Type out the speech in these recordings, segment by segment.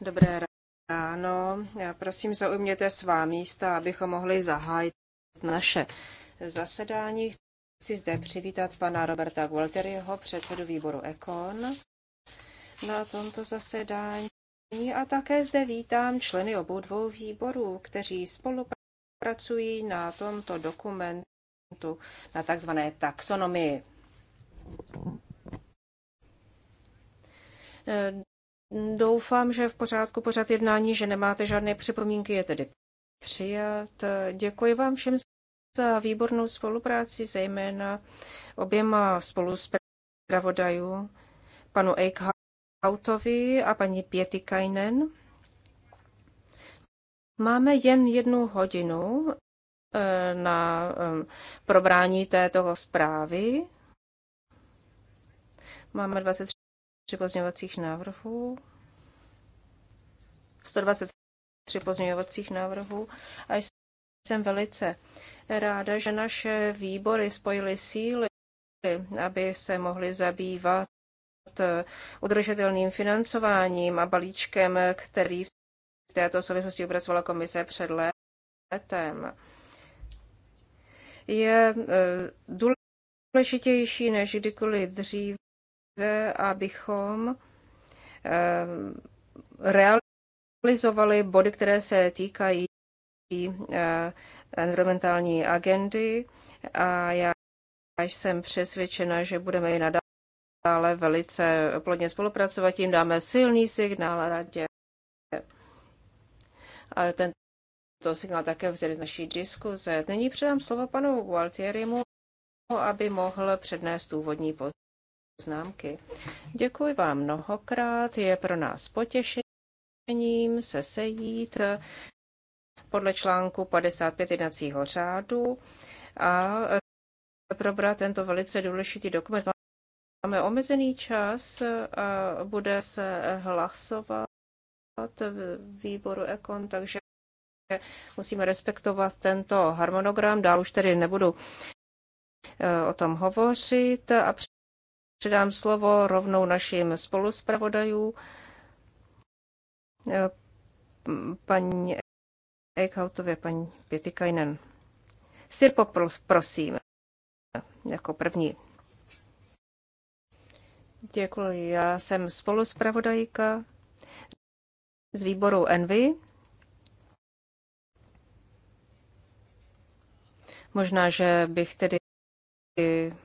Dobré ráno. Já prosím, zaujměte svá místa, abychom mohli zahájit naše zasedání. Chci zde přivítat pana Roberta Gualteriho, předsedu výboru Econ, na tomto zasedání. A také zde vítám členy obou dvou výborů, kteří spolupracují na tomto dokumentu, na takzvané taxonomii. Eh, doufám, že v pořádku pořád jednání, že nemáte žádné připomínky, je tedy přijat. Děkuji vám všem za výbornou spolupráci, zejména oběma pravodajů, panu Eichhautovi a paní Pietikainen. Máme jen jednu hodinu eh, na eh, probrání této zprávy. Máme 23 123 pozměňovacích návrhů. 123 pozměňovacích návrhů a jsem velice ráda, že naše výbory spojily síly, aby se mohly zabývat eh, udržitelným financováním a balíčkem, který v této souvislosti obracovala komise před létem. Je eh, důležitější než kdykoliv dříve abychom eh, realizovali body, které se týkají eh, environmentální agendy a já jsem přesvědčena, že budeme i nadále velice plodně spolupracovat, tím dáme silný signál radě. A tento signál také vzali z naší diskuze. Nyní předám slovo panu Gualtierimu, aby mohl přednést úvodní pozornost známky. Děkuji vám mnohokrát, je pro nás potěšením se sejít podle článku 55 jednacího řádu a probrat tento velice důležitý dokument. Máme omezený čas a bude se hlasovat v výboru Ekon, takže musíme respektovat tento harmonogram. Dál už tedy nebudu eh, o tom hovořit a Předám slovo rovnou našim spoluspravodajů, eh, paní Eichhautově, paní Pětikajnen. Sirpo, prosím, jako první. Děkuji. Já jsem spoluspravodajka z výboru Envy. Možná, že bych tedy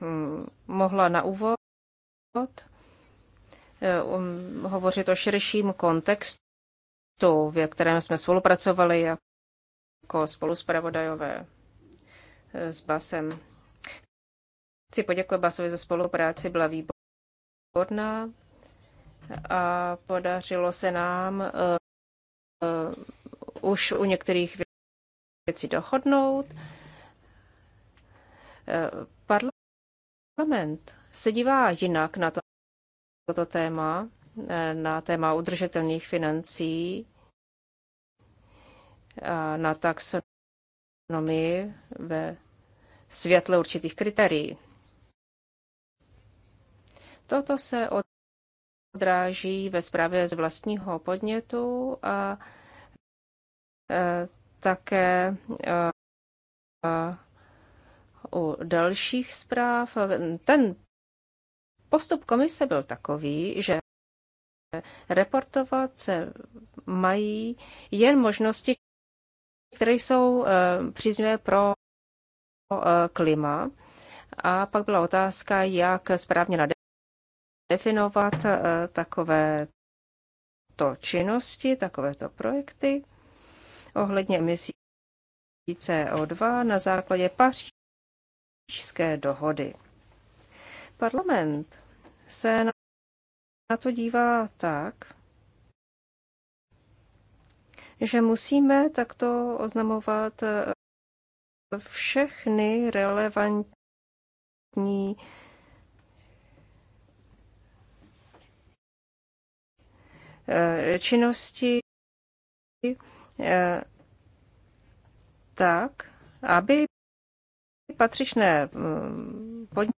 hm, mohla na úvod Eh, um, hovořit o širším kontextu, v kterém jsme spolupracovali jako spoluspravodajové eh, s Basem. Chci poděkovat Basovi za spolupráci, byla výborná a podařilo se nám uh, uh, už u některých věcí dohodnout. Uh, parlament se dívá jinak na to, toto téma, eh, na téma udržitelných financí, na taxonomii ve světle určitých kritérií. Toto se odráží ve zprávě z vlastního podnětu a eh, také eh, u dalších zpráv. Ten Postup komise byl takový, že reportovat se mají jen možnosti, které jsou eh, příznivé pro eh, klima. A pak byla otázka, jak správně nadefinovat eh, takové to činnosti, takovéto projekty ohledně emisí CO2 na základě pařížské dohody. Parlament se na to dívá tak, že musíme takto oznamovat eh, všechny relevantní eh, činnosti eh, tak, aby patřičné mm, podniky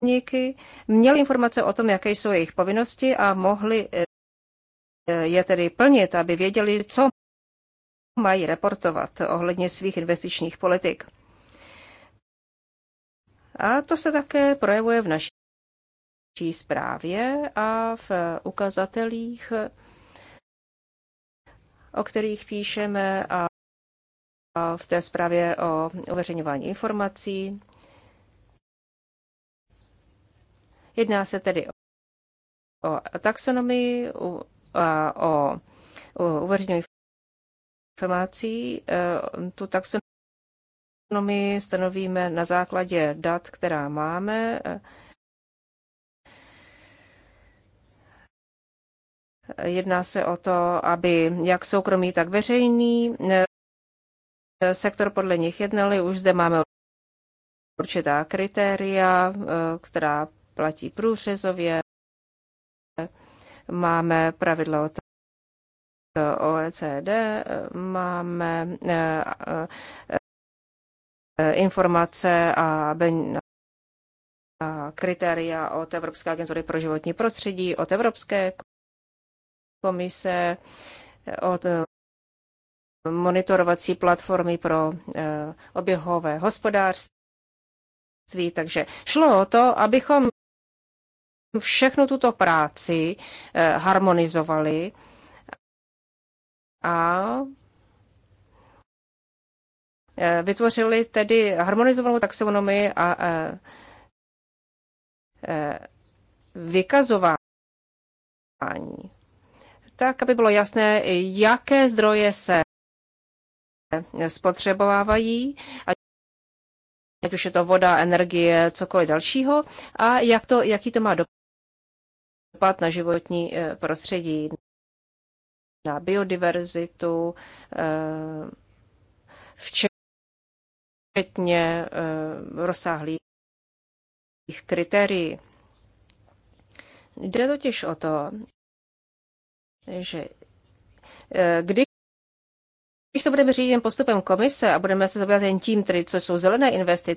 úředníky, měli informace o tom, jaké jsou jejich povinnosti a mohli eh, je tedy plnit, aby věděli, co mají reportovat ohledně svých investičních politik. A to se také projevuje v naší zprávě a v ukazatelích, o kterých píšeme a v té zprávě o uveřejňování informací Jedná se tedy o taxonomii, o, o, o informací. E, tu taxonomii stanovíme na základě dat, která máme. E, jedná se o to, aby jak soukromý, tak veřejný e, sektor podle nich jednali. Už zde máme určitá kritéria, která platí průřezově. Máme pravidla od OECD, máme eh, eh, informace a kritéria od Evropské agentury pro životní prostředí, od Evropské komise, od eh, monitorovací platformy pro oběhové hospodářství. Takže šlo o to, abychom všechnu tuto práci eh, harmonizovali a eh, vytvořili tedy harmonizovanou taxonomii a eh, vykazování, tak aby bylo jasné, jaké zdroje se spotřebovávají, ať už je to voda, energie, cokoliv dalšího, a jak to, jaký to má dopad dopad na životní eh, prostředí, na biodiverzitu, eh, včetně eh, rozsáhlých kritérií. Jde totiž o to, že když když se budeme řídit postupem komise a budeme se zabývat jen tím, tedy co jsou zelené investice,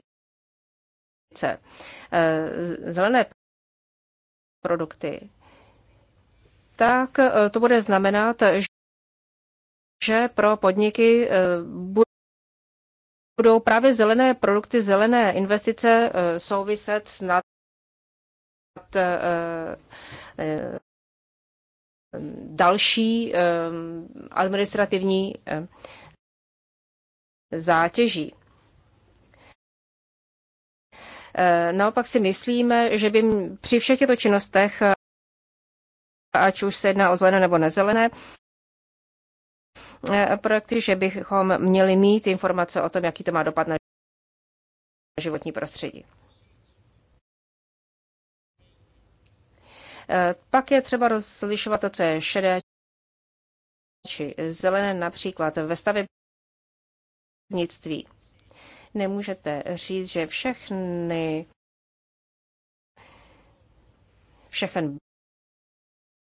zelené produkty, tak eh, to bude znamenat, že pro podniky eh, budou právě zelené produkty, zelené investice eh, souviset snad další administrativní zátěží. Eh, naopak si myslíme, že by při všech těchto činnostech, eh, ať už se jedná o zelené nebo nezelené, eh, projekty, že bychom měli mít informace o tom, jaký to má dopad na životní prostředí. Pak je třeba rozlišovat to, co je šedé či zelené, například ve stavebnictví. Nemůžete říct, že všechny všechen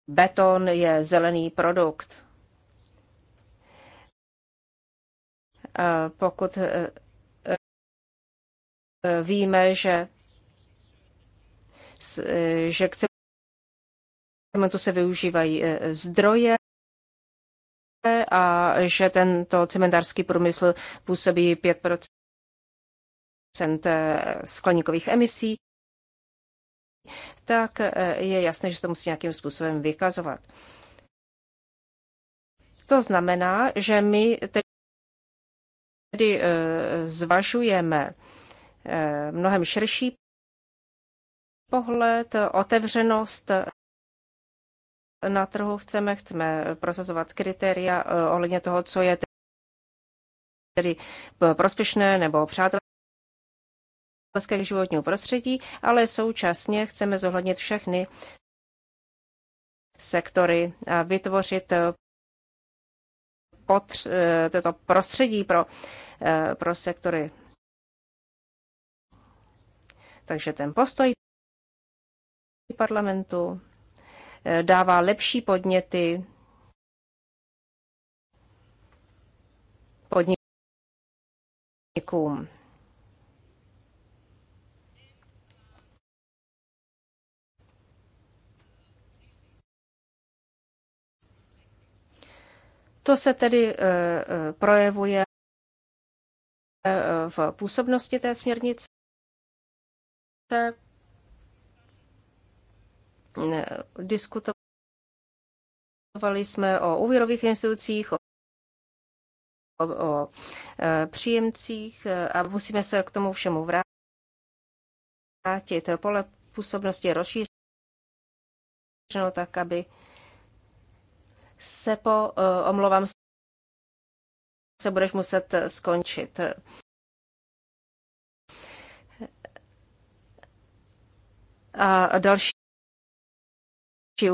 beton je zelený produkt. Pokud e, e, víme, že, e, že k cementu se využívají zdroje a že tento cementářský průmysl působí 5 Eh, skleníkových emisí, tak eh, je jasné, že se to musí nějakým způsobem vykazovat. To znamená, že my tedy eh, zvažujeme mnohem širší pohled, otevřenost na trhu chceme, chceme prosazovat kritéria ohledně toho, co je tedy prospěšné nebo přátelé otázkách životního prostředí, ale současně chceme zohlednit všechny sektory a vytvořit eh, potř- eh, toto prostředí pro, eh, pro sektory. Takže ten postoj parlamentu dává lepší podněty podnikům. To se tedy eh, eh, projevuje eh, v působnosti té směrnice. Diskutovali jsme o úvěrových institucích, o, o, o příjemcích a musíme se k tomu všemu vrátit. Pole působnosti je rozšířeno tak, aby Eh, se po, omlouvám se, budeš muset eh, skončit. A další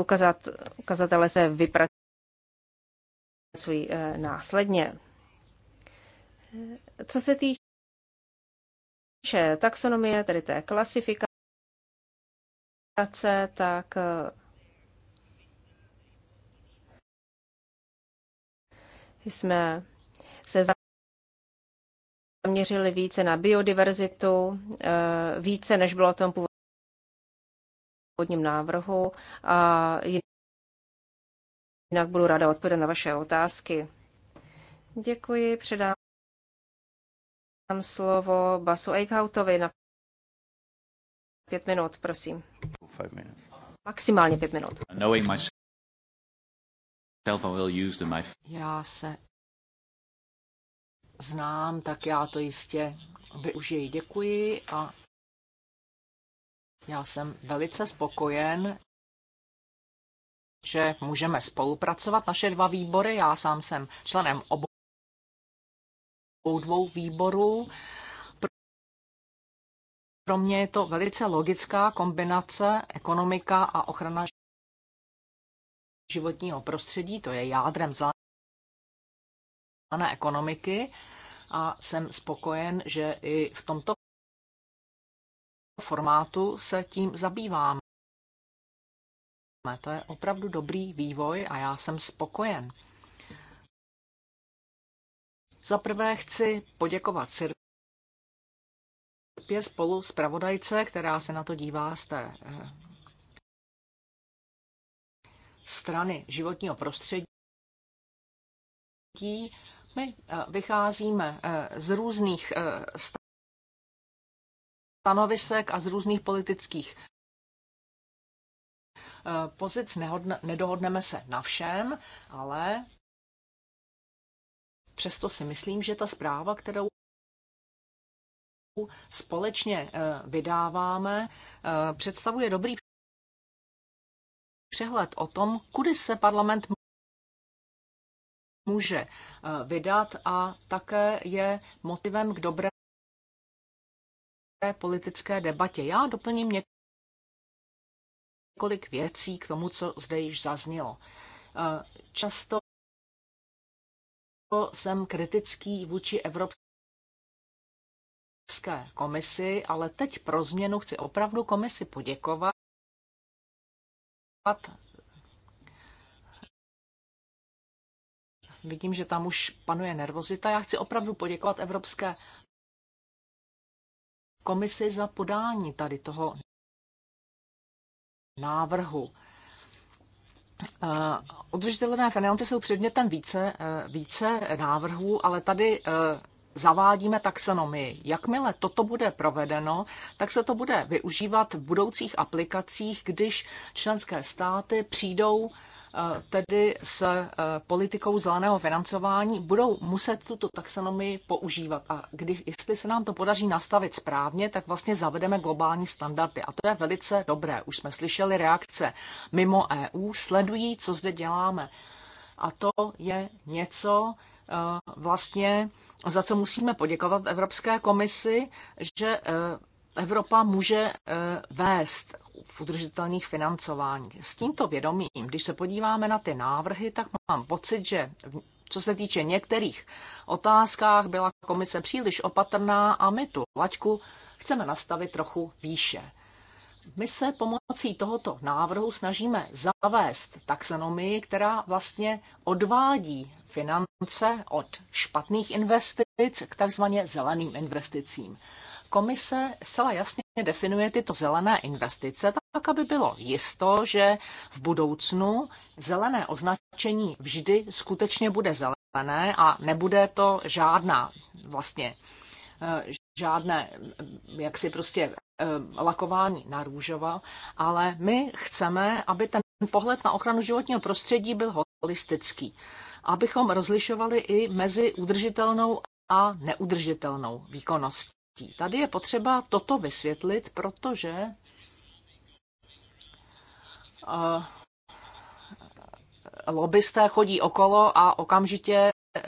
ukazat, ukazatele se vypracují eh, následně. Co se týče taxonomie, tedy té klasifikace, tak jsme se zaměřili více na biodiverzitu, eh, více než bylo v tom původním návrhu a jinak budu ráda odpovědět na vaše otázky. Děkuji, předám slovo Basu Eichhautovi na pět minut, prosím. Maximálně pět minut. Já se znám, tak já to jistě využiji. Děkuji a já jsem velice spokojen, že můžeme spolupracovat naše dva výbory. Já sám jsem členem obou dvou výborů. Pro mě je to velice logická kombinace ekonomika a ochrana životního prostředí, to je jádrem zelené ekonomiky a jsem spokojen, že i v tomto formátu se tím zabýváme. To je opravdu dobrý vývoj a já jsem spokojen. Za prvé chci poděkovat Sirpě spolu s pravodajce, která se na to dívá z té eh, strany životního prostředí, my eh, vycházíme eh, z různých eh, stanovisek a z různých politických pozic. Nehodne, nedohodneme se na všem, ale přesto si myslím, že ta zpráva, kterou společně vydáváme, představuje dobrý přehled o tom, kudy se parlament může eh, vydat a také je motivem k dobré politické debatě. Já doplním několik věcí k tomu, co zde již zaznělo. Eh, často jsem kritický vůči Evropské komisi, ale teď pro změnu chci opravdu komisi poděkovat Vidím, že tam už panuje nervozita. Já chci opravdu poděkovat Evropské komisi za podání tady toho návrhu. Eh, udržitelné finance jsou předmětem více, eh, více návrhů, ale tady eh, zavádíme taxonomii. Jakmile toto bude provedeno, tak se to bude využívat v budoucích aplikacích, když členské státy přijdou eh, tedy s eh, politikou zeleného financování, budou muset tuto taxonomii používat. A když, jestli se nám to podaří nastavit správně, tak vlastně zavedeme globální standardy. A to je velice dobré. Už jsme slyšeli reakce mimo EU, sledují, co zde děláme. A to je něco, Eh, vlastně, za co musíme poděkovat Evropské komisi, že eh, Evropa může eh, vést v udržitelných financování. S tímto vědomím, když se podíváme na ty návrhy, tak mám pocit, že co se týče některých otázkách, byla komise příliš opatrná a my tu laťku chceme nastavit trochu výše. My se pomocí tohoto návrhu snažíme zavést taxonomii, která vlastně odvádí finance od špatných investic k takzvaně zeleným investicím. Komise zcela jasně definuje tyto zelené investice tak, aby bylo jisto, že v budoucnu zelené označení vždy skutečně bude zelené a nebude to žádná vlastně eh, žádné eh, jaksi prostě Eh, lakování na růžovo, ale my chceme, aby ten pohled na ochranu životního prostředí byl holistický, abychom rozlišovali i mezi udržitelnou a neudržitelnou výkonností. Tady je potřeba toto vysvětlit, protože eh, lobbysté chodí okolo a okamžitě eh,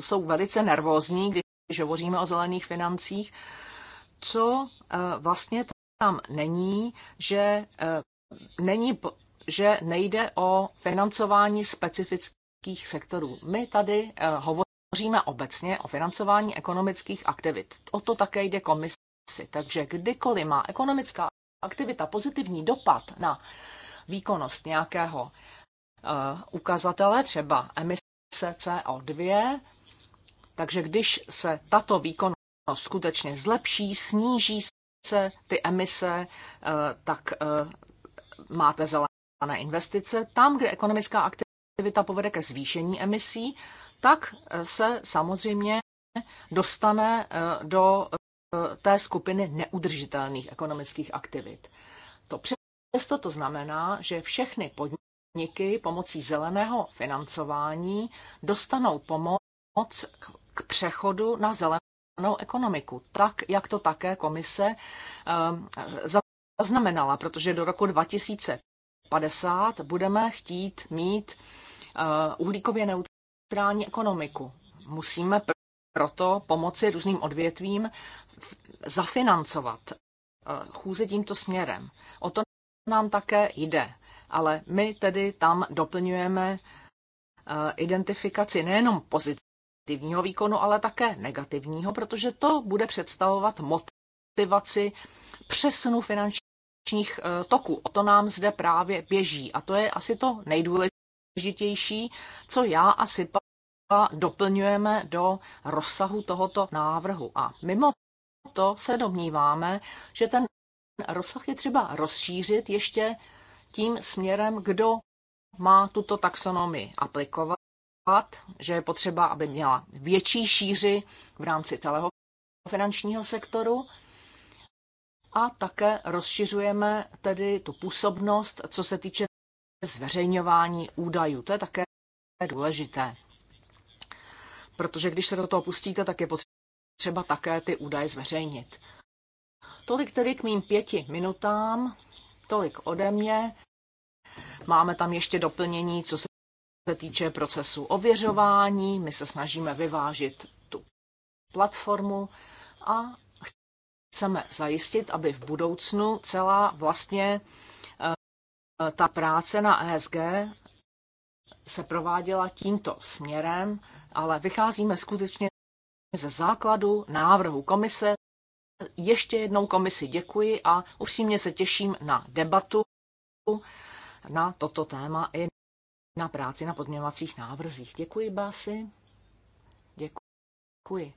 jsou velice nervózní, když hovoříme o zelených financích, co eh, vlastně tam není, že eh, není že nejde o financování specifických sektorů. My tady eh, hovoříme obecně o financování ekonomických aktivit. O to také jde komisi. Takže kdykoliv má ekonomická aktivita pozitivní dopad na výkonnost nějakého ukazatele, třeba emise CO2, takže když se tato výkonnost skutečně zlepší, sníží se ty emise, eh, tak eh, máte zelené investice. Tam, kde ekonomická aktivita povede ke zvýšení emisí, tak eh, se samozřejmě dostane do té skupiny neudržitelných ekonomických aktivit. To přesto to znamená, že všechny podniky pomocí zeleného financování dostanou pomoc k přechodu na zelené zelenou ekonomiku, tak jak to také komise ehm, zaznamenala, protože do roku 2050 budeme chtít mít eh, uhlíkově neutrální ekonomiku. Musíme proto pomoci různým odvětvím zafinancovat eh, chůze tímto směrem. O to nám také jde, ale my tedy tam doplňujeme eh, identifikaci nejenom pozitivní, pozitivního výkonu, ale také negativního, protože to bude představovat motivaci přesunu finančních eh, toků. O to nám zde právě běží a to je asi to nejdůležitější, co já a SIPA doplňujeme do rozsahu tohoto návrhu. A mimo to se domníváme, že ten rozsah je třeba rozšířit ještě tím směrem, kdo má tuto taxonomii aplikovat že je potřeba, aby měla větší šíři v rámci celého finančního sektoru. A také rozšiřujeme tedy tu působnost, co se týče zveřejňování údajů. To je také důležité. Protože když se do toho pustíte, tak je potřeba také ty údaje zveřejnit. Tolik tedy k mým pěti minutám, tolik ode mě. Máme tam ještě doplnění, co se se týče procesu ověřování, my se snažíme vyvážit tu platformu a chceme zajistit, aby v budoucnu celá vlastně eh, ta práce na ESG se prováděla tímto směrem, ale vycházíme skutečně ze základu návrhu komise. Ještě jednou komisi děkuji a upřímně se těším na debatu na toto téma i na práci na podměvacích návrzích. Děkuji, Básy. Děkuji.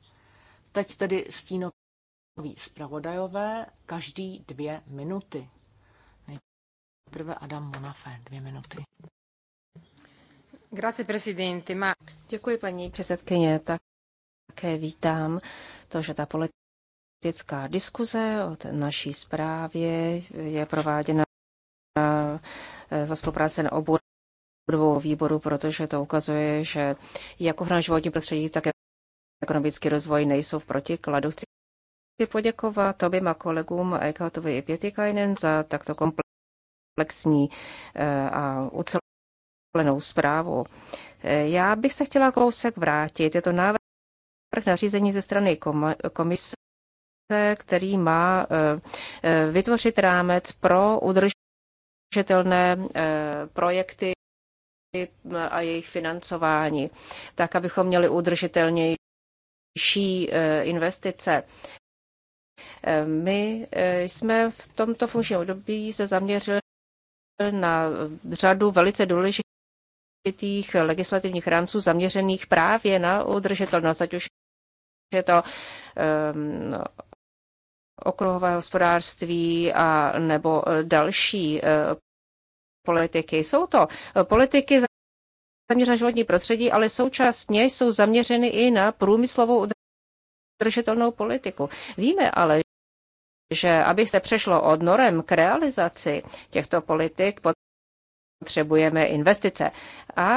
Teď tedy stínoví zpravodajové, každý dvě minuty. Nejprve Adam Monafé, dvě minuty. Grazie, presidente. Ma... Děkuji, paní předsedkyně. Také vítám to, že ta politická diskuze o naší zprávě je prováděna eh, za spolupráce na obou dvou výboru, protože to ukazuje, že jak ochrana životní prostředí, tak ekonomický rozvoj nejsou v protikladu. Chci poděkovat oběma kolegům Eichhoutovi i Pětikainen za takto komplexní eh, a ucelenou zprávu. Eh, já bych se chtěla kousek vrátit. Je to návrh nařízení ze strany komise, který má eh, vytvořit rámec pro udržitelné projekty a jejich financování, tak abychom měli udržitelnější eh, investice. Eh, my eh, jsme v tomto funkčním období se zaměřili na řadu velice důležitých legislativních rámců zaměřených právě na udržitelnost, ať už je to um, okruhové hospodářství a nebo další politiky. Jsou to eh, politiky zaměřené na životní prostředí, ale současně jsou zaměřeny i na průmyslovou udržitelnou politiku. Víme ale, že aby se přešlo od norem k realizaci těchto politik, potřebujeme investice. A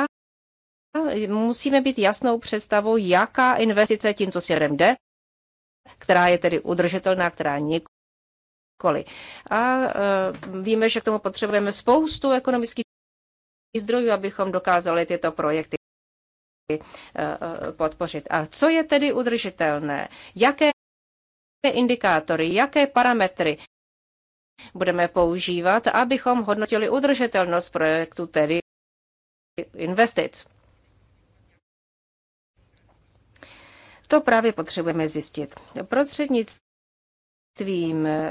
musíme být jasnou představou, jaká investice tímto směrem jde, která je tedy udržitelná, která nikomu školy. A eh, víme, že k tomu potřebujeme spoustu ekonomických zdrojů, abychom dokázali tyto projekty eh, eh, podpořit. A co je tedy udržitelné? Jaké indikátory, jaké parametry budeme používat, abychom hodnotili udržitelnost projektu, tedy investic? To právě potřebujeme zjistit. Prostřednictvím tvým eh,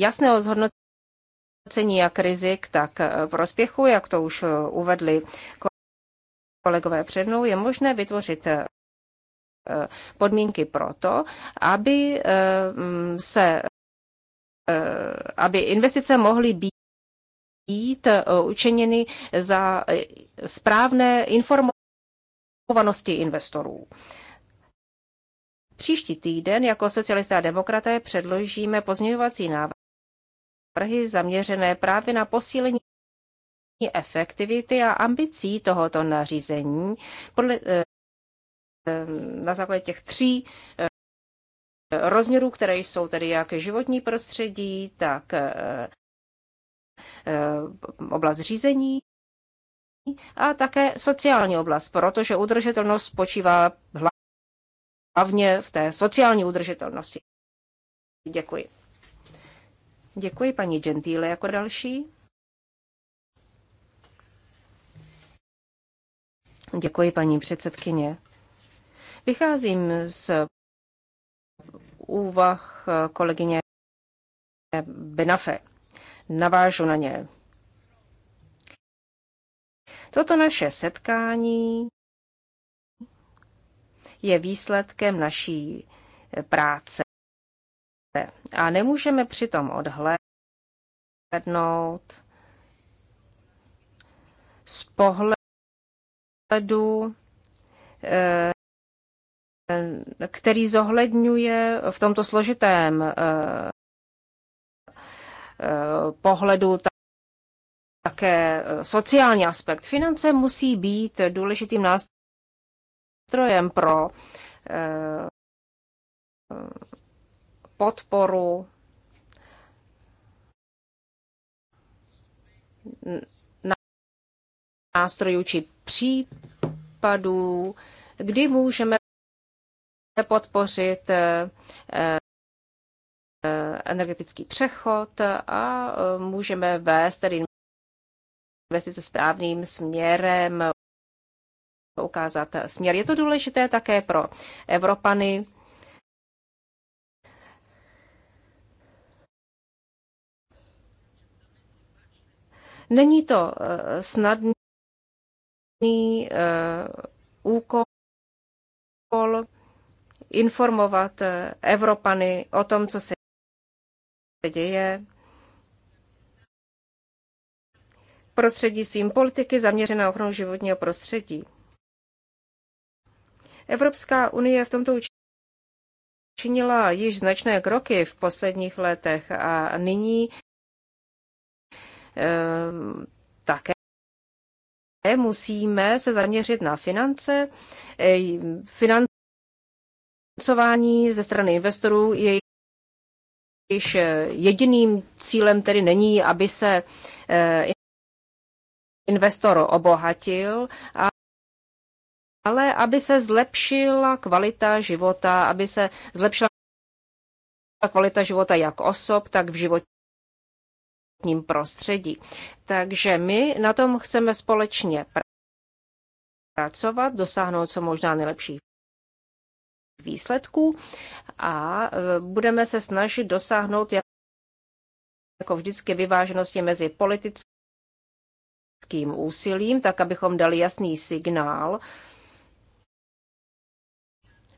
jasného zhodnocení jak rizik, tak eh, prospěchu, jak to už eh, uvedli kolegové před mnou, je možné vytvořit podmínky pro to, aby mm, se aby investice mohly být být učiněny za správné informovanosti investorů. Příští týden jako socialisté a demokraté předložíme pozměňovací návrhy zaměřené právě na posílení efektivity a ambicí tohoto nařízení podle, eh, na základě těch tří eh, rozměrů, které jsou tedy jak životní prostředí, tak eh, oblast řízení a také sociální oblast, protože udržitelnost spočívá hlavně hlavně v té sociální udržitelnosti. Děkuji. Děkuji paní Gentile jako další. Děkuji paní předsedkyně. Vycházím z úvah kolegyně Benafe. Navážu na ně. Toto naše setkání je výsledkem naší práce. A nemůžeme přitom odhlédnout z pohledu, eh, který zohledňuje v tomto složitém eh, eh, pohledu také sociální aspekt. Finance musí být důležitým nástrojem nástrojem pro eh, podporu nástrojů či případů, kdy můžeme podpořit eh, eh, energetický přechod a můžeme vést tedy investice správným směrem ukázat směr. Je to důležité také pro Evropany. Není to eh, snadný eh, úkol informovat eh, Evropany o tom, co se děje prostředí svým politiky zaměřené na ochranu životního prostředí. Evropská unie v tomto učinila již značné kroky v posledních letech a nyní eh, také musíme se zaměřit na finance. Financování ze strany investorů je již eh, jediným cílem tedy není, aby se eh, investor obohatil, ale aby se zlepšila kvalita života, aby se zlepšila kvalita života jak osob, tak v životním prostředí. Takže my na tom chceme společně pracovat, dosáhnout co možná nejlepších výsledků a e, budeme se snažit dosáhnout jako vždycky vyváženosti mezi politickým úsilím, tak abychom dali jasný signál,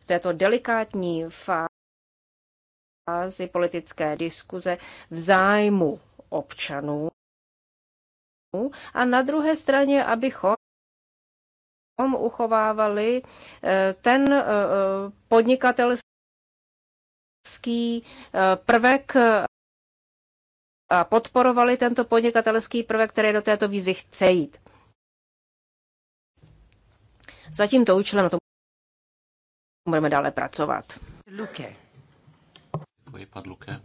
této delikátní fázi politické diskuze v zájmu občanů a na druhé straně, abychom uchovávali eh, ten eh, eh, podnikatelský prvek a podporovali tento podnikatelský prvek, který do této výzvy chce jít. Zatím to účelem na tom budeme dále pracovat. Luke. Děkuji, pan Luke.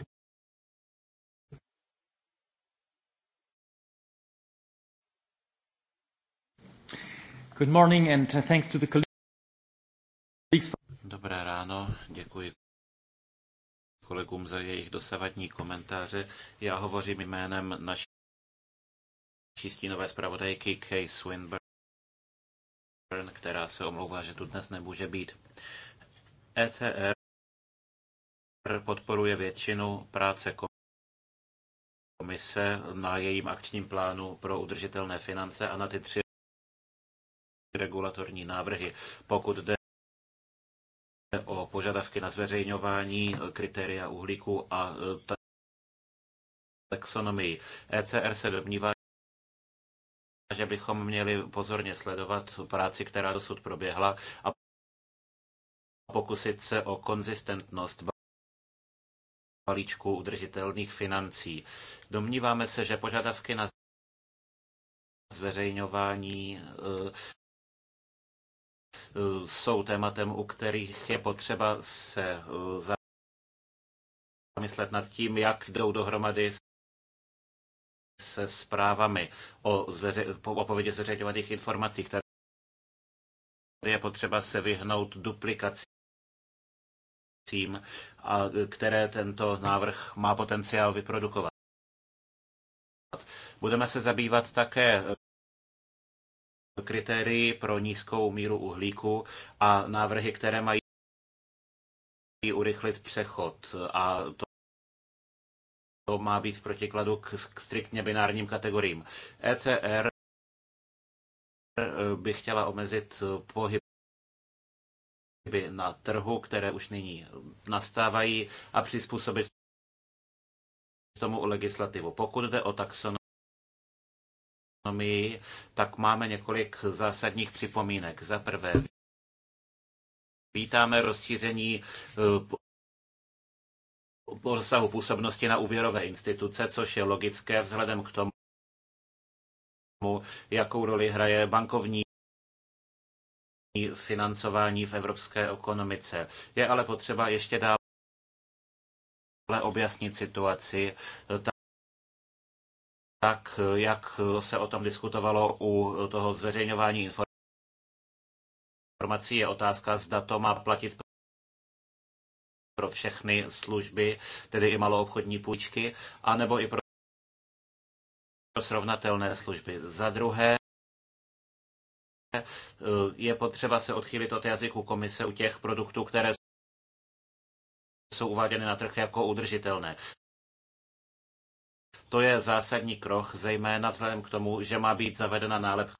Good morning and uh, thanks to the colleagues. Dobré ráno, děkuji kolegům za jejich dosavadní komentáře. Já hovořím jménem naší stínové zpravodajky Kay Swinburne, která se omlouvá, že tu dnes nemůže být. ECR podporuje většinu práce komise na jejím akčním plánu pro udržitelné finance a na ty tři regulatorní návrhy. Pokud jde o požadavky na zveřejňování kritéria uhlíku a e, taxonomii. ECR se domnívá, že bychom měli pozorně sledovat práci, která dosud proběhla a pokusit se o konzistentnost balíčku udržitelných financí. Domníváme se, že požadavky na zveřejňování eh, eh, jsou tématem, u kterých je potřeba se eh, zamyslet nad tím, jak jdou dohromady se zprávami o, zveře, o povědě zveřejňovaných informací, které je potřeba se vyhnout duplikaci tím, které tento návrh má potenciál vyprodukovat. Budeme se zabývat také eh, kritérii pro nízkou míru uhlíku a návrhy, které mají urychlit přechod. A to to má být v protikladu k striktně binárním kategoriím. ECR eh, by chtěla omezit eh, pohyb chyby na trhu, které už nyní nastávají a přizpůsobit tomu o legislativu. Pokud jde o taxonomii, tak máme několik zásadních připomínek. Za prvé, vítáme rozšíření eh, rozsahu působnosti na úvěrové instituce, což je logické vzhledem k tomu, jakou roli hraje bankovní financování v evropské ekonomice. Je ale potřeba ještě dále objasnit situaci, tak jak se o tom diskutovalo u toho zveřejňování informací, je otázka, zda to má platit pro všechny služby, tedy i maloobchodní půjčky, anebo i pro srovnatelné služby. Za druhé, je potřeba se odchýlit od jazyku komise u těch produktů, které jsou uváděny na trh jako udržitelné. To je zásadní krok, zejména vzhledem k tomu, že má být zavedena nálepka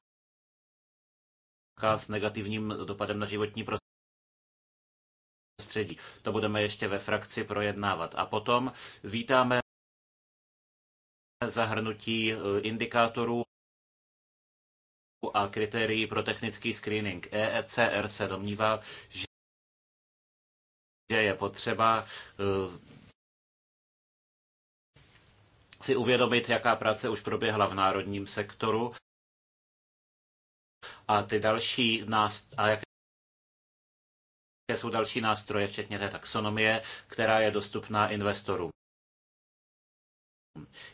s negativním dopadem na životní prostředí. To budeme ještě ve frakci projednávat. A potom vítáme zahrnutí eh, indikátorů a kritérií pro technický screening. EECR se domnívá, že je potřeba eh, si uvědomit, jaká práce už proběhla v národním sektoru a ty další nást- a jaké jsou další nástroje, včetně té taxonomie, která je dostupná investorům.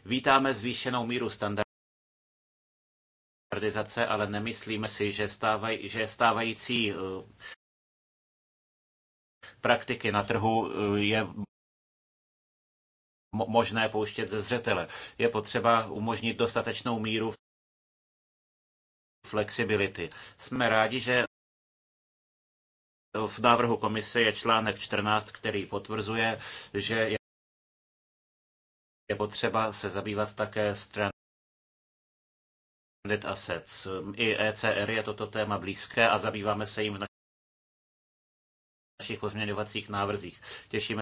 Vítáme zvýšenou míru standardů standardizace, ale nemyslíme si, že, stávaj, že stávající eh, praktiky na trhu eh, je možné pouštět ze zřetele. Je potřeba umožnit dostatečnou míru flexibility. Jsme rádi, že v návrhu komise je článek 14, který potvrzuje, že je potřeba se zabývat také stran Net Assets. I ECR je toto téma blízké a zabýváme se jim v našich pozměňovacích návrzích. Těšíme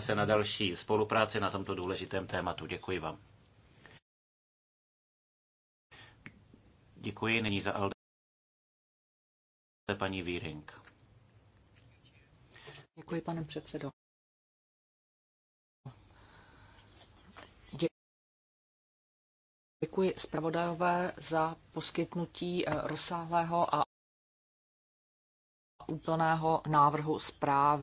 se na další spolupráci na tomto důležitém tématu. Děkuji vám. Děkuji nyní za Alde paní Víring. Děkuji, pane předsedo. Děkuji zpravodajové za poskytnutí eh, rozsáhlého a úplného návrhu zprávy.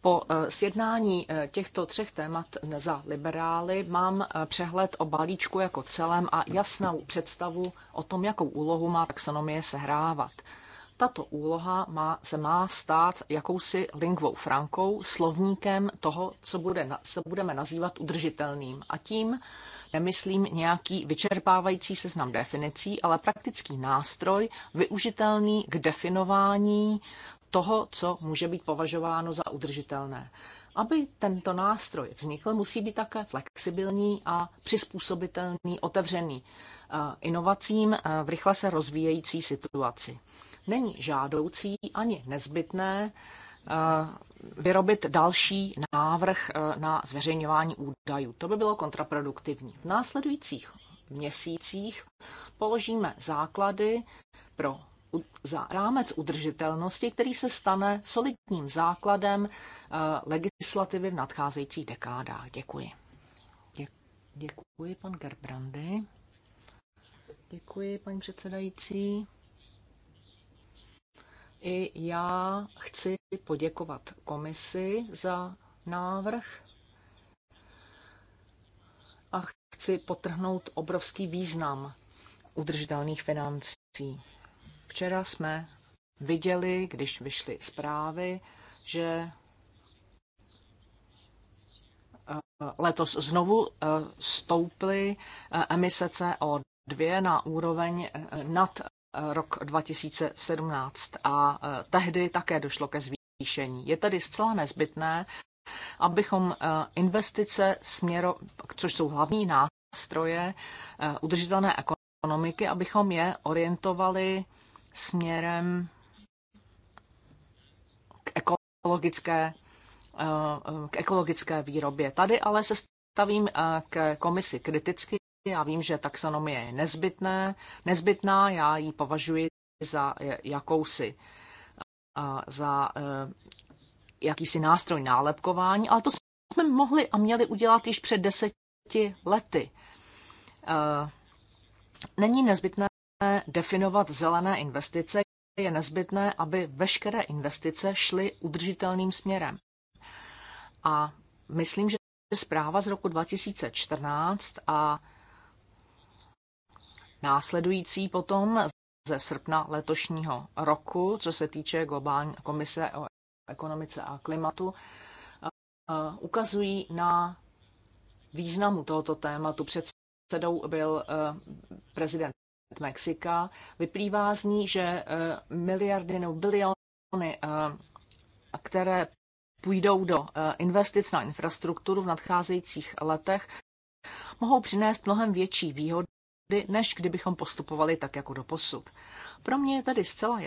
Po eh, sjednání eh, těchto třech témat za liberály mám přehled o balíčku jako celém a jasnou představu o tom, jakou úlohu má taxonomie sehrávat. Tato úloha má, se má stát jakousi lingvou frankou, slovníkem toho, co, bude, se budeme nazývat udržitelným. A tím nemyslím nějaký vyčerpávající seznam definicí, ale praktický nástroj využitelný k definování toho, co může být považováno za udržitelné. Aby tento nástroj vznikl, musí být také flexibilní a přizpůsobitelný, otevřený eh, inovacím eh, v rychle se rozvíjející situaci není žádoucí ani nezbytné eh, vyrobit další návrh eh, na zveřejňování údajů. To by bylo kontraproduktivní. V následujících měsících položíme základy pro za rámec udržitelnosti, který se stane solidním základem eh, legislativy v nadcházejících dekádách. Děkuji. Děkuji, pan Gerbrandy. Děkuji, paní předsedající. I já chci poděkovat komisi za návrh a chci potrhnout obrovský význam udržitelných financí. Včera jsme viděli, když vyšly zprávy, že eh, letos znovu eh, stouply eh, emise CO2 na úroveň nad Eh, rok 2017 a eh, tehdy také došlo ke zvýšení. Je tedy zcela nezbytné, abychom eh, investice směro, což jsou hlavní nástroje udržitelné ekonomiky, abychom je orientovali směrem k ekologické, k ekologické výrobě. Tady ale se stavím k komisi kriticky. Já vím, že taxonomie je nezbytné, nezbytná, já ji považuji za eh, jakousi, za eh, jakýsi nástroj nálepkování, ale to jsme mohli a měli udělat již před deseti lety. Eh, není nezbytné definovat zelené investice, je nezbytné, aby veškeré investice šly udržitelným směrem. A myslím, že zpráva z roku 2014 a následující potom ze srpna letošního roku, co se týče globální komise o ekonomice a klimatu, ukazují na významu tohoto tématu. Předsedou byl e, prezident Mexika. Vyplývá z ní, že e, miliardy nebo biliony, e, které půjdou do investic na infrastrukturu v nadcházejících letech, mohou přinést mnohem větší výhody než kdybychom postupovali tak jako do posud. Pro mě je tedy zcela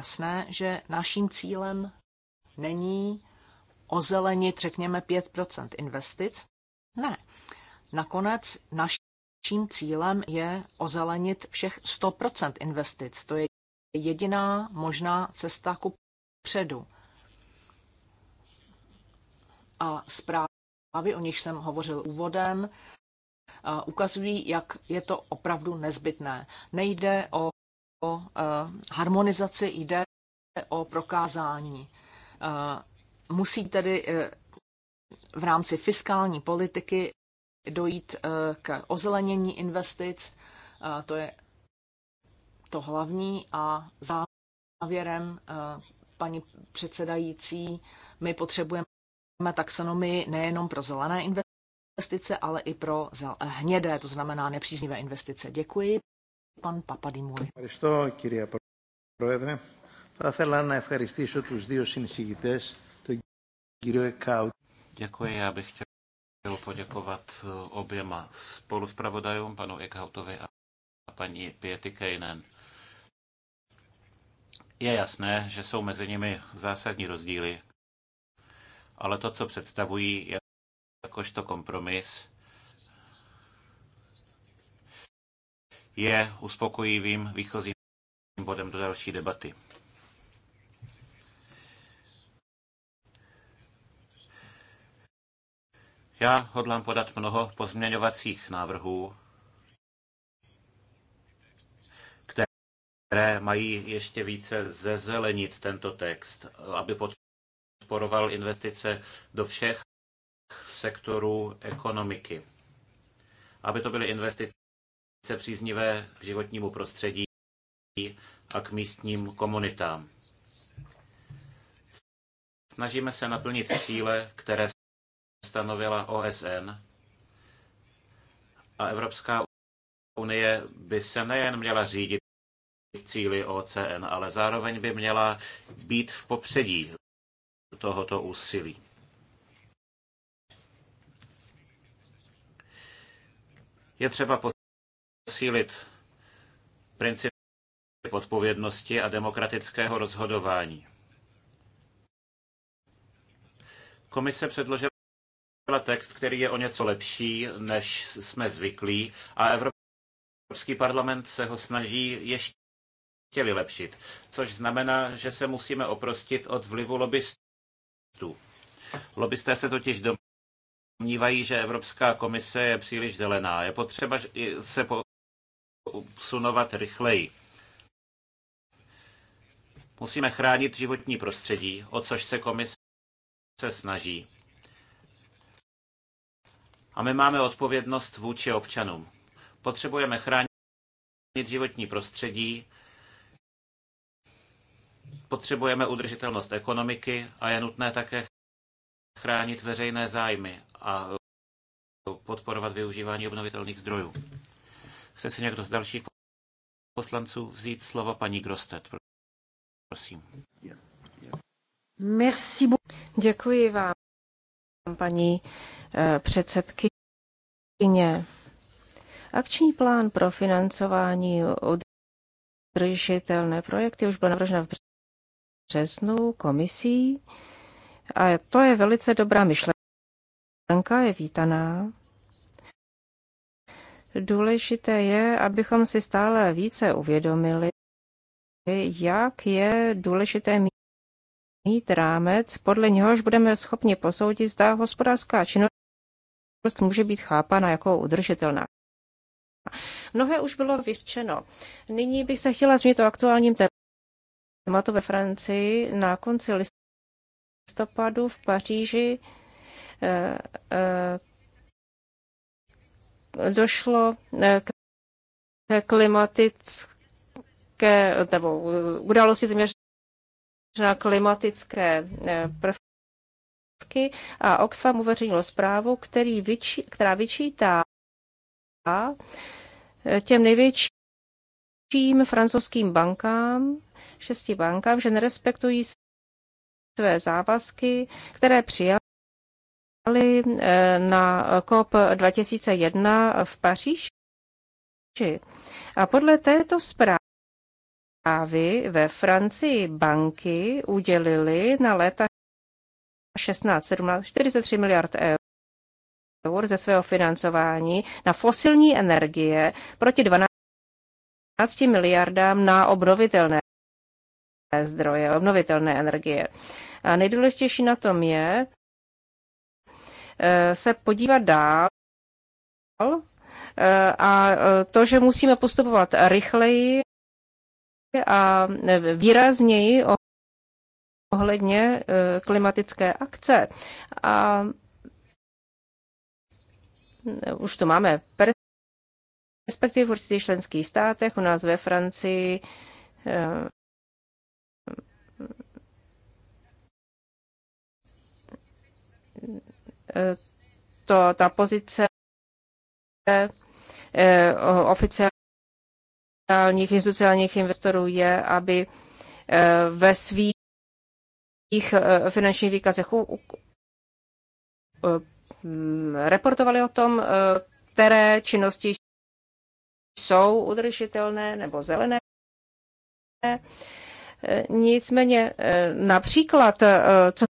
jasné, že naším cílem není ozelenit, řekněme, 5% investic. Ne. Nakonec naším cílem je ozelenit všech 100% investic. To je jediná možná cesta ku předu. A zprávy, o nich jsem hovořil úvodem, Eh, ukazují, jak je to opravdu nezbytné. Nejde o, o eh, harmonizaci, jde o prokázání. Eh, musí tedy v rámci fiskální politiky dojít k ozelenění investic, to je to hlavní a závěrem paní předsedající, my potřebujeme taxonomii nejenom pro zelené investice investice, ale i pro eh, hnědé, to znamená nepříznivé investice. Děkuji, pan Papadimuli. Děkuji, já bych chtěl poděkovat eh, oběma spoluspravodajům, panu Eckhoutovi a paní Pěty Kejnen. Je jasné, že jsou mezi nimi zásadní rozdíly, ale to, co představují, je jakožto kompromis je uspokojivým výchozím bodem do další debaty. Já hodlám podat mnoho pozměňovacích návrhů, které mají ještě více zezelenit tento text, aby podporoval investice do všech sektorů ekonomiky, aby to byly investice příznivé k životnímu prostředí a k místním komunitám. Snažíme se naplnit cíle, které stanovila OSN a Evropská unie by se nejen měla řídit cíly OCN, ale zároveň by měla být v popředí tohoto úsilí. Je třeba posílit princip odpovědnosti a demokratického rozhodování. Komise předložila text, který je o něco lepší, než jsme zvyklí, a Evropský parlament se ho snaží ještě vylepšit, což znamená, že se musíme oprostit od vlivu lobbystů. Lobbysté se totiž domnívají, že Evropská komise je příliš zelená. Je potřeba se posunovat rychleji. Musíme chránit životní prostředí, o což se komise snaží. A my máme odpovědnost vůči občanům. Potřebujeme chránit životní prostředí, potřebujeme udržitelnost ekonomiky a je nutné také chránit veřejné zájmy a podporovat využívání obnovitelných zdrojů. Chce si někdo z dalších poslanců vzít slovo paní Grostet? Prosím. Merci. Děkuji vám, paní eh, předsedkyně. Akční plán pro financování udržitelné projekty už byl navržen v březnu komisí a to je velice dobrá myšlenka myšlenka je vítaná. Důležité je, abychom si stále více uvědomili, jak je důležité mít rámec, podle něhož budeme schopni posoudit, zda hospodářská činnost může být chápána jako udržitelná. Mnohé už bylo vyřčeno. Nyní bych se chtěla zmínit o aktuálním tématu ve Francii. Na konci listopadu v Paříži došlo eh, k klimatické, nebo události zaměřené klimatické eh, prvky a Oxfam uveřejnil zprávu, který vyčí, která vyčítá eh, těm největším francouzským bankám, šesti bankám, že nerespektují své závazky, které přijali byli eh, na COP 2001 v Paříži. A podle této zprávy ve Francii banky udělily na léta 16, 17, 43 miliard eur ze svého financování na fosilní energie proti 12 miliardám na obnovitelné zdroje, obnovitelné energie. A nejdůležitější na tom je, Eh, se podívat dál eh, a eh, to, že musíme postupovat rychleji a výrazněji ohledně klimatické akce. A už to máme perspektiv v určitých členských státech, u nás ve Francii to, ta pozice eh, oficiálních institucionálních investorů je, aby eh, ve svých eh, finančních výkazech reportovali o tom, které činnosti jsou udržitelné nebo zelené. Nicméně například, co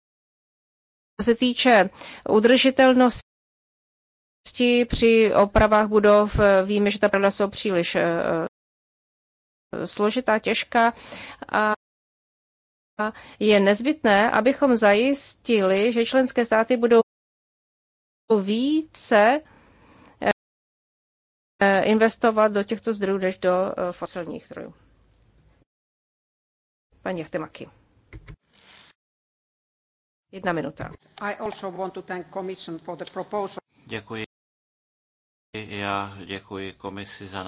co se týče udržitelnosti při opravách budov, víme, že ta pravda jsou příliš eh, eh, složitá, těžká a je nezbytné, abychom zajistili, že členské státy budou více eh, investovat do těchto zdrojů než do fosilních zdrojů. Paní Jachtemaky. Jedna minuta. Děkuji. Já děkuji komisi za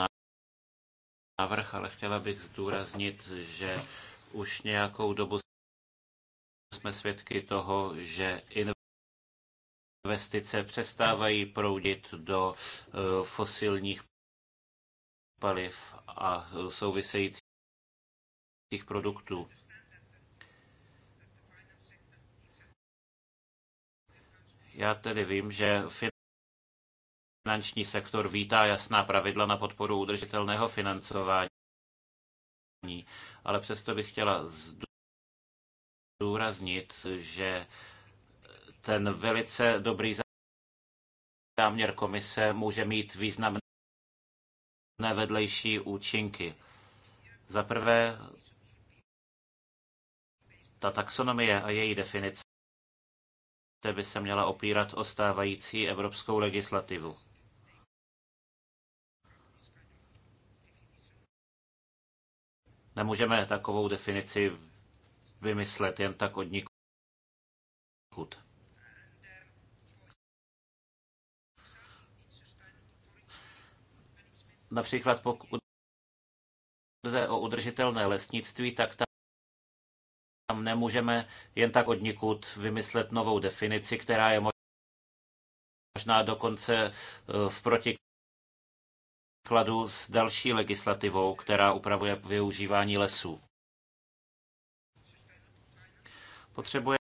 návrh, ale chtěla bych zdůraznit, že už nějakou dobu jsme svědky toho, že investice přestávají proudit do eh, fosilních paliv a eh, souvisejících produktů. Já tedy vím, že finanční sektor vítá jasná pravidla na podporu udržitelného financování, ale přesto bych chtěla zdůraznit, že ten velice dobrý záměr komise může mít významné vedlejší účinky. Za prvé, ta taxonomie a její definice komise by se měla opírat o stávající evropskou legislativu. Nemůžeme takovou definici vymyslet jen tak od nikud. Například pokud jde o udržitelné lesnictví, tak tam nemůžeme jen tak od nikud vymyslet novou definici, která je možná dokonce e, v protikladu s další legislativou, která upravuje využívání lesů. Potřebujeme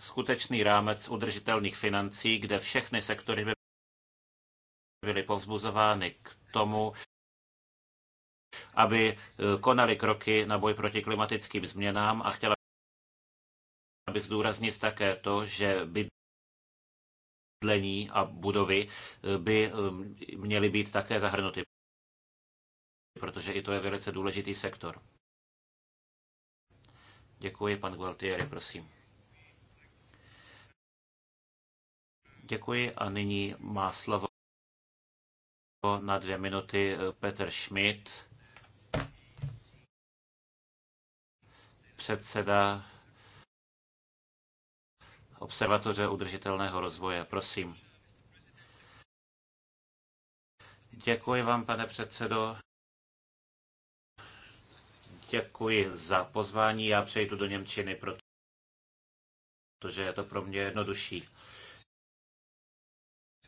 skutečný rámec udržitelných financí, kde všechny sektory by byly povzbuzovány k tomu, aby eh, konali kroky na boj proti klimatickým změnám a chtěla bych zdůraznit také to, že by bydlení a budovy eh, by eh, měly být také zahrnuty, protože i to je velice důležitý sektor. Děkuji, pan Gualtieri, prosím. Děkuji a nyní má slovo na dvě minuty Petr Schmidt předseda Observatoře udržitelného rozvoje. Prosím. Děkuji vám, pane předsedo. Děkuji za pozvání. Já přejdu do Němčiny, protože je to pro mě jednodušší.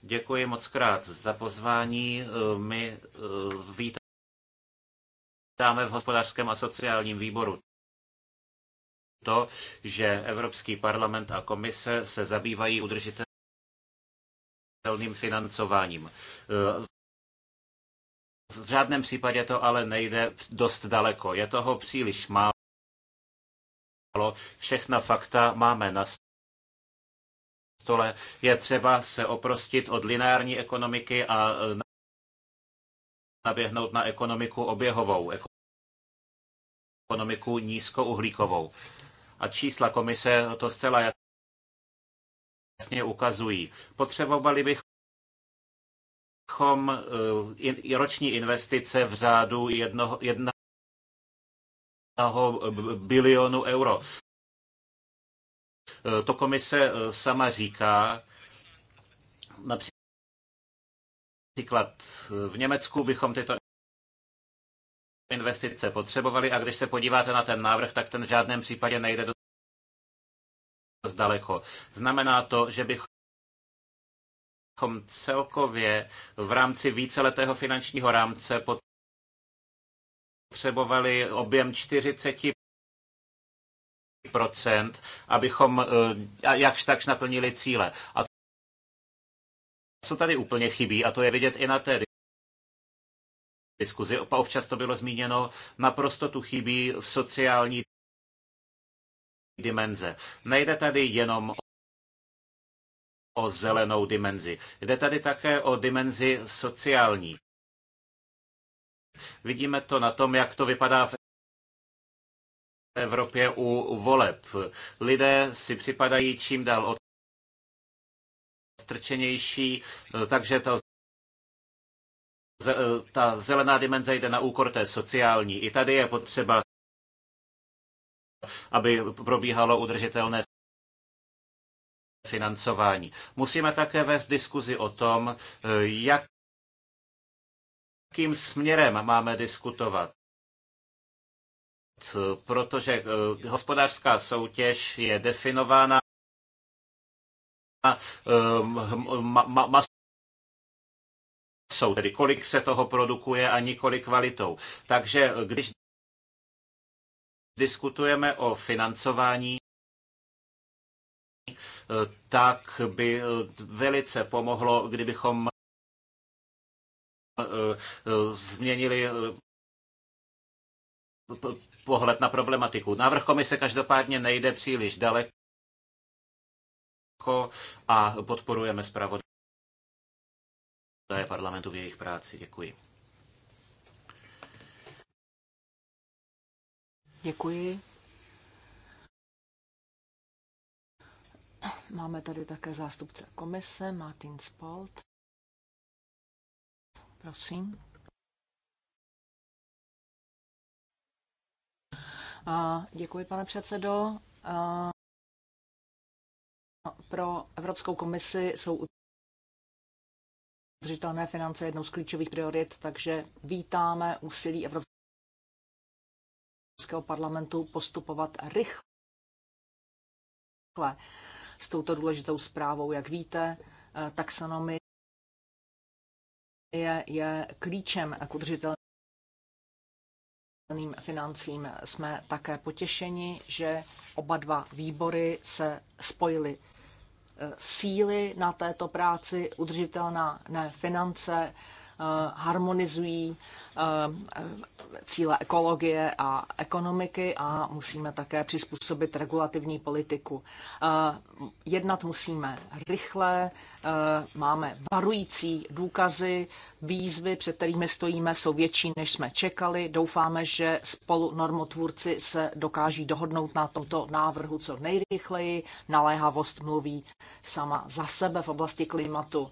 Děkuji moc krát za pozvání. My eh, vítáme v hospodářském a sociálním výboru to, že Evropský parlament a komise se zabývají udržitelným financováním. V žádném případě to ale nejde dost daleko. Je toho příliš málo. Všechna fakta máme na stole. Je třeba se oprostit od lineární ekonomiky a naběhnout na ekonomiku oběhovou, ekonomiku nízkouhlíkovou. A čísla komise to zcela jasně ukazují. Potřebovali bych bychom eh, roční investice v řádu jednoho, jednoho eh, bilionu euro. Eh, to komise sama říká, například v Německu bychom tyto investice potřebovali a když se podíváte na ten návrh, tak ten v žádném případě nejde do zdaleko. Znamená to, že bych bychom celkově v rámci víceletého finančního rámce potřebovali objem 40 procent, abychom eh, jakž takž naplnili cíle. A co tady úplně chybí, a to je vidět i na té diskuzi, občas to bylo zmíněno, naprosto tu chybí sociální dimenze. Nejde tady jenom o zelenou dimenzi. Jde tady také o dimenzi sociální. Vidíme to na tom, jak to vypadá v Evropě u voleb. Lidé si připadají čím dál odstrčenější, takže ta Eh, ta zelená dimenze jde na úkor té sociální. I tady je potřeba, aby probíhalo udržitelné financování. Musíme také vést diskuzi o tom, jak eh, jakým směrem máme diskutovat. Protože eh, hospodářská soutěž je definována jsou, tedy kolik se toho produkuje a nikoli kvalitou. Takže když diskutujeme o financování, tak by eh, velice pomohlo, kdybychom eh, eh, změnili pohled na problematiku. Návrh komise každopádně nejde příliš daleko a podporujeme zpravodaj daje parlamentu v jejich práci. Děkuji. Děkuji. Máme tady také zástupce komise Martin Spolt. Prosím. A děkuji, pane předsedo. A pro Evropskou komisi jsou Udržitelné finance je jednou z klíčových priorit, takže vítáme úsilí Evropského parlamentu postupovat rychle s touto důležitou zprávou. Jak víte, eh, taxonomie je klíčem k udržitelným financím. Jsme také potěšeni, že oba dva výbory se spojily síly na této práci, udržitelná ne finance, Eh, harmonizují eh, cíle ekologie a ekonomiky a musíme také přizpůsobit regulativní politiku. Eh, jednat musíme rychle, máme varující důkazy, výzvy, před kterými stojíme, jsou větší, než jsme čekali. Doufáme, že spolu normotvůrci se dokáží dohodnout na tomto návrhu co nejrychleji. Naléhavost mluví sama za sebe v oblasti klimatu.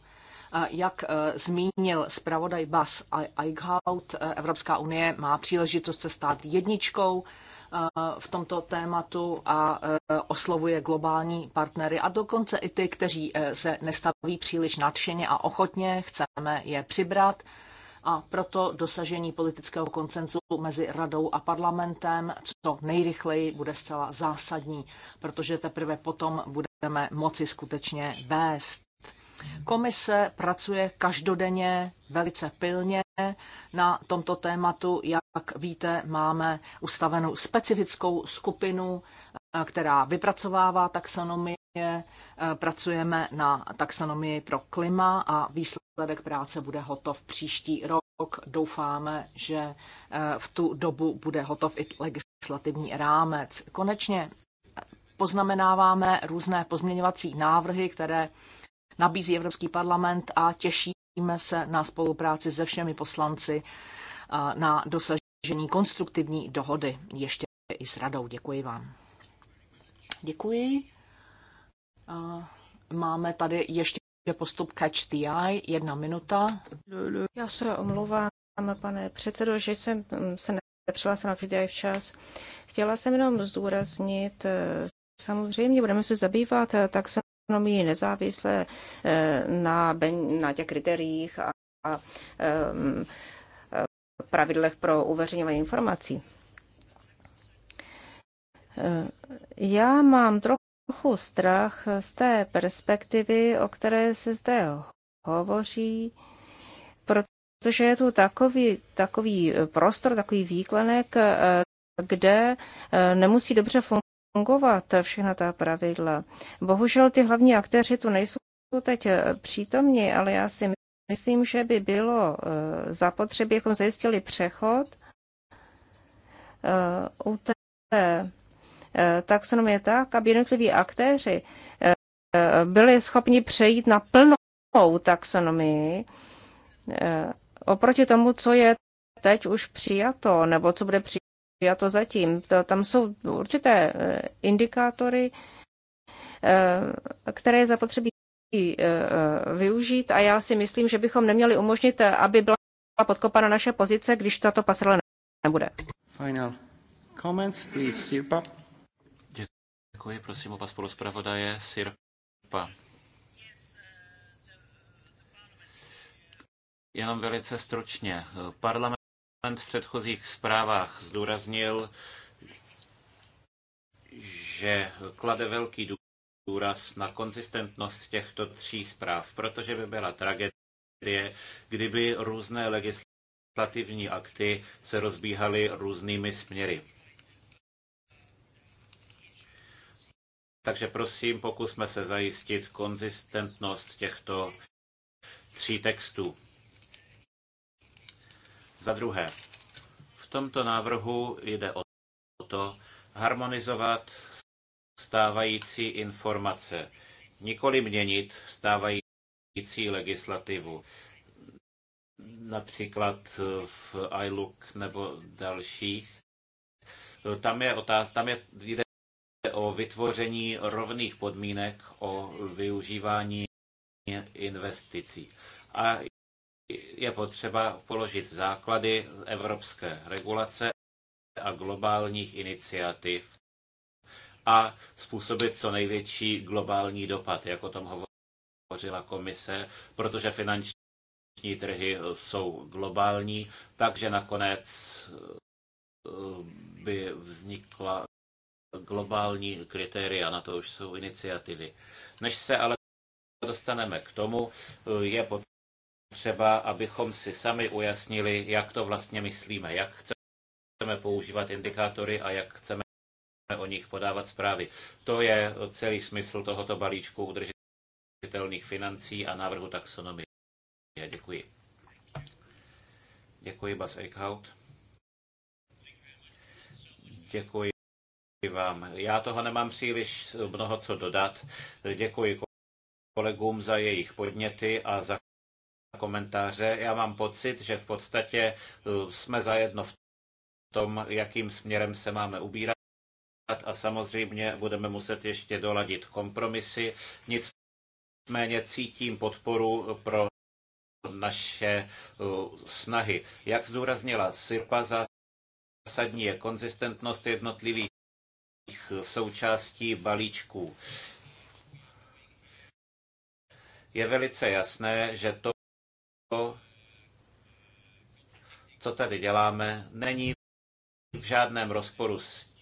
Jak e, zmínil zpravodaj Bas Eichhout, e, Evropská unie má příležitost se stát jedničkou e, v tomto tématu a oslovuje globální partnery a dokonce i ty, kteří se nestaví příliš nadšeně a ochotně, chceme je přibrat a proto dosažení politického koncenzu mezi radou a parlamentem co nejrychleji bude zcela zásadní, protože teprve potom budeme moci skutečně vést. Komise pracuje každodenně velice pilně na tomto tématu. Jak víte, máme ustavenou specifickou skupinu, eh, která vypracovává taxonomii eh, pracujeme na taxonomii pro klima a výsledek práce bude hotov příští rok. Doufáme, že eh, v tu dobu bude hotov i legislativní rámec. Konečně poznamenáváme různé pozměňovací návrhy, které nabízí Evropský parlament a těšíme se na spolupráci se všemi poslanci na dosažení konstruktivní dohody ještě i s radou. Děkuji vám. Děkuji. Máme tady ještě postup Catch the Eye, jedna minuta. Já se omlouvám, pane předsedo, že jsem mm, se nepřihlásila Catch the Eye včas. Chtěla jsem jenom zdůraznit, e, samozřejmě budeme se zabývat e, taxonomií ekonomii nezávisle eh, na, na těch kritériích a, a eh, pravidlech pro uveřejňování informací. Eh, já mám trochu strach z té perspektivy, o které se zde hovoří, protože je tu takový, takový prostor, takový výklenek, kde nemusí dobře fungovat fungovat všechna ta pravidla. Bohužel ty hlavní aktéři tu nejsou teď eh, přítomni, ale já si myslím, že by bylo eh, zapotřebí, jakom zajistili přechod eh, u té taxonomie tak, aby jednotliví aktéři byli schopni přejít na plnou taxonomii oproti tomu, co je teď už přijato, nebo co bude přijato já to zatím. To, tam jsou určité eh, indikátory, eh, které je zapotřebí eh, využít a já si myslím, že bychom neměli umožnit, aby byla podkopána naše pozice, když tato pasrela nebude. Final comments, please, Sirpa. Děkuji, prosím oba spoluzpravodaje, Sirpa. Jenom velice stručně. Parlament Parlament v předchozích zprávách zdůraznil, že klade velký důraz na konzistentnost těchto tří zpráv, protože by byla tragédie, kdyby různé legislativní akty se rozbíhaly různými směry. Takže prosím, pokusme se zajistit konzistentnost těchto tří textů. Za druhé, v tomto návrhu jde o to harmonizovat stávající informace, nikoli měnit stávající legislativu. Například v iLook nebo dalších. Tam je otázka, tam je, jde o vytvoření rovných podmínek o využívání investicí. A je potřeba položit základy evropské regulace a globálních iniciativ a způsobit co největší globální dopad, jak o tom hovořila komise, protože finanční trhy jsou globální, takže nakonec eh, by vznikla globální kritéria, na to už jsou iniciativy. Než se ale dostaneme k tomu, eh, je potřeba třeba, abychom si sami ujasnili, jak to vlastně myslíme, jak chceme používat indikátory a jak chceme o nich podávat zprávy. To je celý smysl tohoto balíčku udržitelných financí a návrhu taxonomie. Děkuji. Děkuji, Bas Eichhout. Děkuji vám. Já toho nemám příliš mnoho co dodat. Děkuji kolegům za jejich podněty a za komentáře. Já mám pocit, že v podstatě eh, jsme zajedno v tom, jakým směrem se máme ubírat a samozřejmě budeme muset ještě doladit kompromisy. Nicméně cítím podporu pro naše eh, snahy. Jak zdůraznila Sirpa, zásadní je konzistentnost jednotlivých součástí balíčků. Je velice jasné, že to, to, co tady děláme, není v žádném rozporu s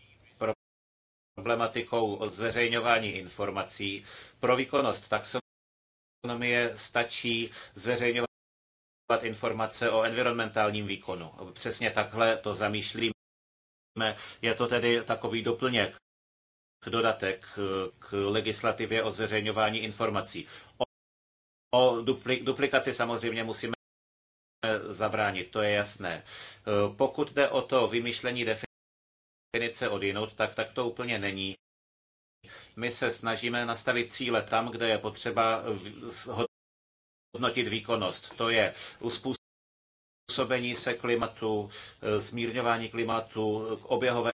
problematikou zveřejňování informací. Pro výkonnost taxonomie stačí zveřejňovat informace o environmentálním výkonu. Přesně takhle to zamýšlíme. Je to tedy takový doplněk dodatek k legislativě o zveřejňování informací. O dupli- duplikaci samozřejmě musíme zabránit, to je jasné. Pokud jde o to vymýšlení definice od jinut, tak, tak to úplně není. My se snažíme nastavit cíle tam, kde je potřeba hodnotit výkonnost. To je uspůsobení se klimatu, e, zmírňování klimatu, oběhové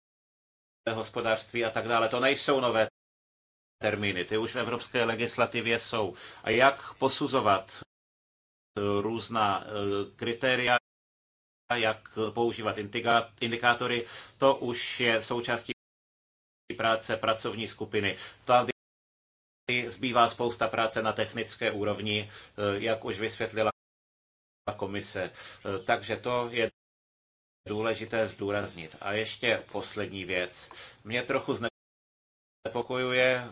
hospodářství a tak dále. To nejsou nové termíny. Ty už v evropské legislativě jsou. A jak posuzovat eh, různá eh, kritéria, jak používat indikátory, to už je součástí práce pracovní skupiny. Tady zbývá spousta práce na technické úrovni, eh, jak už vysvětlila komise. Takže to je důležité zdůraznit. A ještě poslední věc. Mě trochu zne Nepokojuje eh,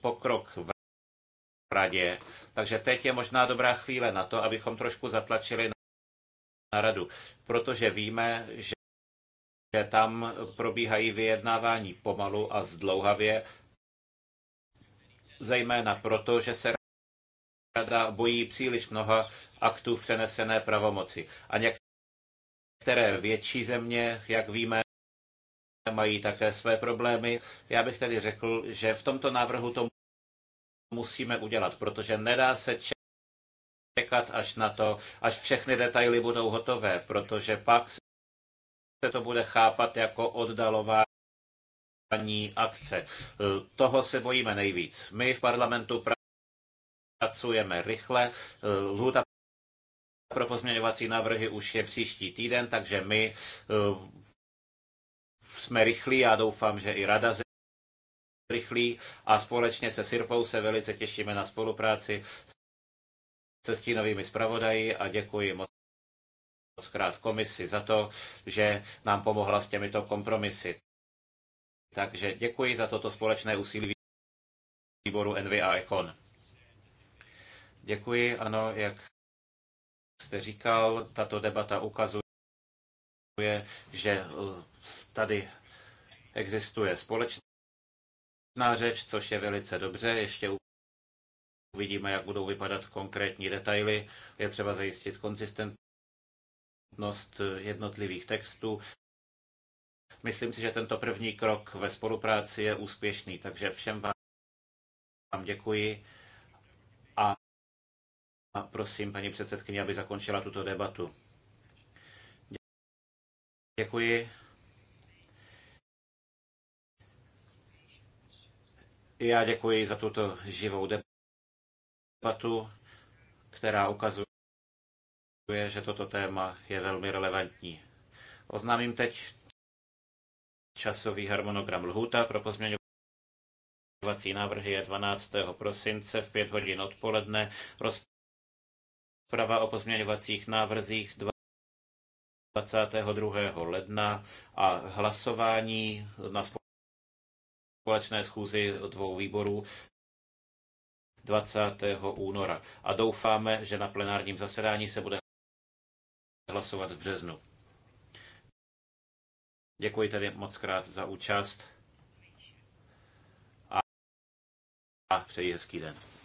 pokrok v radě, takže teď je možná dobrá chvíle na to, abychom trošku zatlačili na radu, protože víme, že že tam probíhají vyjednávání pomalu a zdlouhavě, zejména proto, že se rada bojí příliš mnoha aktů v přenesené pravomoci. A některé větší země, jak víme, mají také své problémy. Já bych tedy řekl, že v tomto návrhu to musíme udělat, protože nedá se čekat až na to, až všechny detaily budou hotové, protože pak se to bude chápat jako oddalování akce. Toho se bojíme nejvíc. My v parlamentu pracujeme rychle. Lhůta pro pozměňovací návrhy už je příští týden, takže my jsme rychlí, a doufám, že i rada rychlí a společně se Sirpou se velice těšíme na spolupráci se stínovými zpravodaji a děkuji moc zkrát komisi za to, že nám pomohla s těmito kompromisy. Takže děkuji za toto společné úsilí výboru Envy a Econ. Děkuji, ano, jak jste říkal, tato debata ukazuje, je, že eh, tady existuje společná řeč, což je velice dobře. Ještě uvidíme, jak budou vypadat konkrétní detaily. Je třeba zajistit konzistentnost eh, jednotlivých textů. Myslím si, že tento první krok ve spolupráci je úspěšný, takže všem vám děkuji a prosím paní předsedkyně, aby zakončila tuto debatu. Děkuji. Já děkuji za tuto živou debatu, která ukazuje, že toto téma je velmi relevantní. Oznámím teď časový harmonogram lhůta pro pozměňovací návrhy je 12. prosince v 5 hodin odpoledne. Rozprava o pozměňovacích návrzích 22. ledna a hlasování na společné schůzi dvou výborů 20. února. A doufáme, že na plenárním zasedání se bude hlasovat v březnu. Děkuji tedy moc krát za účast a přeji hezký den.